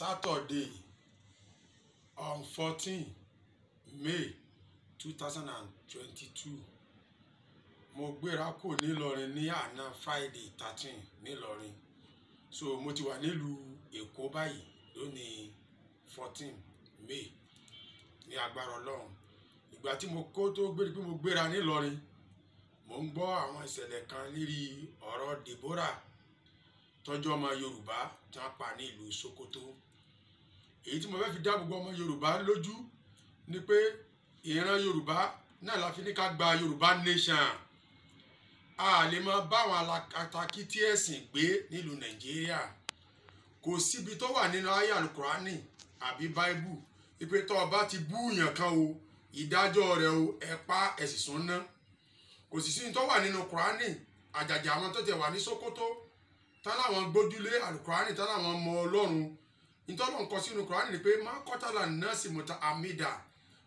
Saturday on um, fourteen May two thousand and twenty-two mo gbéra kò nílọrin ní àná Friday thirteen nílọrin so mo ti wà nílùú Èkó báyìí lónìí fourteen May ní agbára Ọlọ́run ìgbà tí mo kó tó gbé pé mo gbéra nílọrin mò ń gbọ́ àwọn ìṣẹ̀lẹ̀ kan lérí ọ̀rọ̀ Deborah tọ́jú ọmọ yorùbá tí wọ́n pa ní ìlú sokoto èyí tí mo fẹ́ fi dá gbogbo ọmọ yorùbá lójú ni pé ìran yorùbá náà la fi ní ká gba yorùbá nation a lè mọ báwọn alákatakítí ẹ̀sìn gbé nílùú nàìjíríà kò síbi tó wà nínú ayé alukurani àbí báíbù ìpè tó o bá ti búùyàn kan o ìdájọ́ rẹ̀ o ẹ pa ẹ̀sìn sún kò sì sí ní tó wà nínú kurani àjàjà àwọn tó tẹ̀ wà ní sokoto tán láwọn gbójúlé alukurani tán láwọn mọ ọlọ́run ìtọ́lọ́run kọ sínú kurani ni pé má kọ́tàlá nọ́ọ̀sì mọ̀tà amida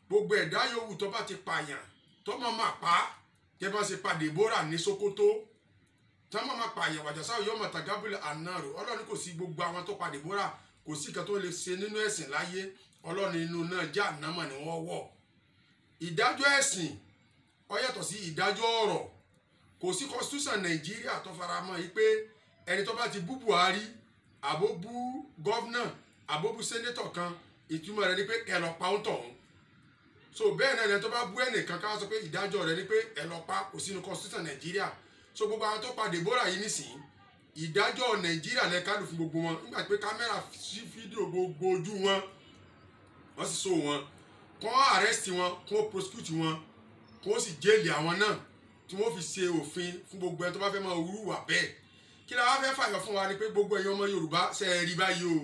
gbogbo ẹ̀dá yòówù tó bá ti pààyàn tọ́mọ máa pa kí ẹ bá ṣe pa Deborah ní Sokoto tọ́mọ máa pààyàn wàjàsáwò yọmọ tagabule anáàrò ọlọ́run kò sí gbogbo àwọn tó pa Deborah kò sí ìkan tó lè ṣe nínú ẹ̀sìn láyé ọlọ́run inú náà já ànámọ̀ ni wọ́n wọ̀ ìdájọ́ ẹ̀sìn ó yàtọ̀ sí ìdájọ́ ọ̀rọ̀ kò sí constitution Nàìjíríà tó faramọ́ yìí pé ẹni tó bá ti bú Buhari àbó bú gọ́vnà àbó bú sẹ́nẹ́tọ̀ kan ìtumọ̀ rẹ̀ ni pé ẹ lọ pa ó tọ̀hún so bẹ́ẹ̀ náà ẹni tó bá bú ẹnìkan ká sọ pé ìdájọ́ rẹ̀ ni pé ẹ lọ pa kò sínú constitution Nàìjíríà so gbogbo àwọn tó pa Deborah yìí nísìnyí ìdájọ́ Nàìjíríà lẹ kálù fún gbogbo wọn nígbà pé kámẹ́rà sí fídíò gbogbo ojú wọn wọ́n sì so wọn kọ́n arrest wọn kọ́n prosecute wọn kọ́n sì jẹ́ẹ̀lì àwọn náà tí wọ́n fi ṣe òfin fún gbogbo ẹni tó bá fẹ́ máa wúrúwà bẹ́ẹ̀ kí la wá fẹ́ fàyọ fún wa ni pé gbogbo ẹ̀yin ọmọ Yorùbá ṣe é rí báyìí o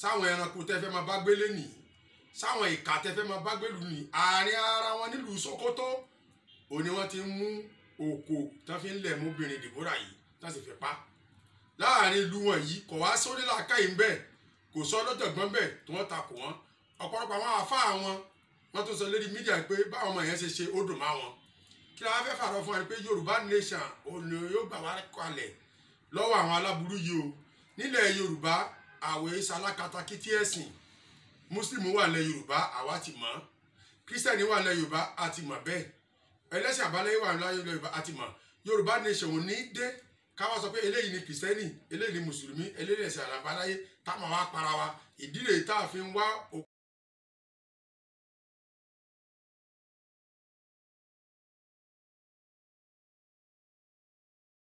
sáwọn ẹranko tẹ́ fẹ́ máa bá gbélé nì sáwọn ìka tẹ́ fẹ́ máa bá gbélú nì àárín ara wọn nílùú Sokoto òní wọ́n ti mú òkò tán fi ń lẹ̀ mú obìnrin Deborah yìí tán sì fi pa láàrin ìlú wọn yìí kò wá sórí làákàyè ń bẹ kò sọ lọ́jọ̀gbọ́n bẹ̀ tí wọ́n takò wọ́n ọ̀pọ̀lọpọ̀ àwọn àáfàá wọn wọ́n tún sọ lórí mídíà pé báwọn ọmọ yẹn ṣe ṣe ó dùn máa wọn kí la fẹ́ fàrọ̀ fún ẹni pé yorùbá nation òní yóò gbà wá kalẹ̀ lọ́wọ́ àwọn aláburú yìí o nílẹ̀ yorùbá àwẹ̀ ìsalákatakítí ẹ̀sìn mùsùlùmí wà lẹ̀ yorùbá àwa ti mọ̀ kírísítẹ̀nì wà lẹ̀ yorùbá a ti mọ̀ bẹ́ẹ̀ ẹlẹ́sìn àbáláyé wà lẹ̀ yorùbá a ti mọ̀ yorùbá nation ò ní dé káwa sọ pé eléyìí ni kìrìsìtẹ́nì eléyìí ni mùsùlùmí eléyìí ni ẹ̀sìn àbáláyé táwọn wa para wa ìdílé a fi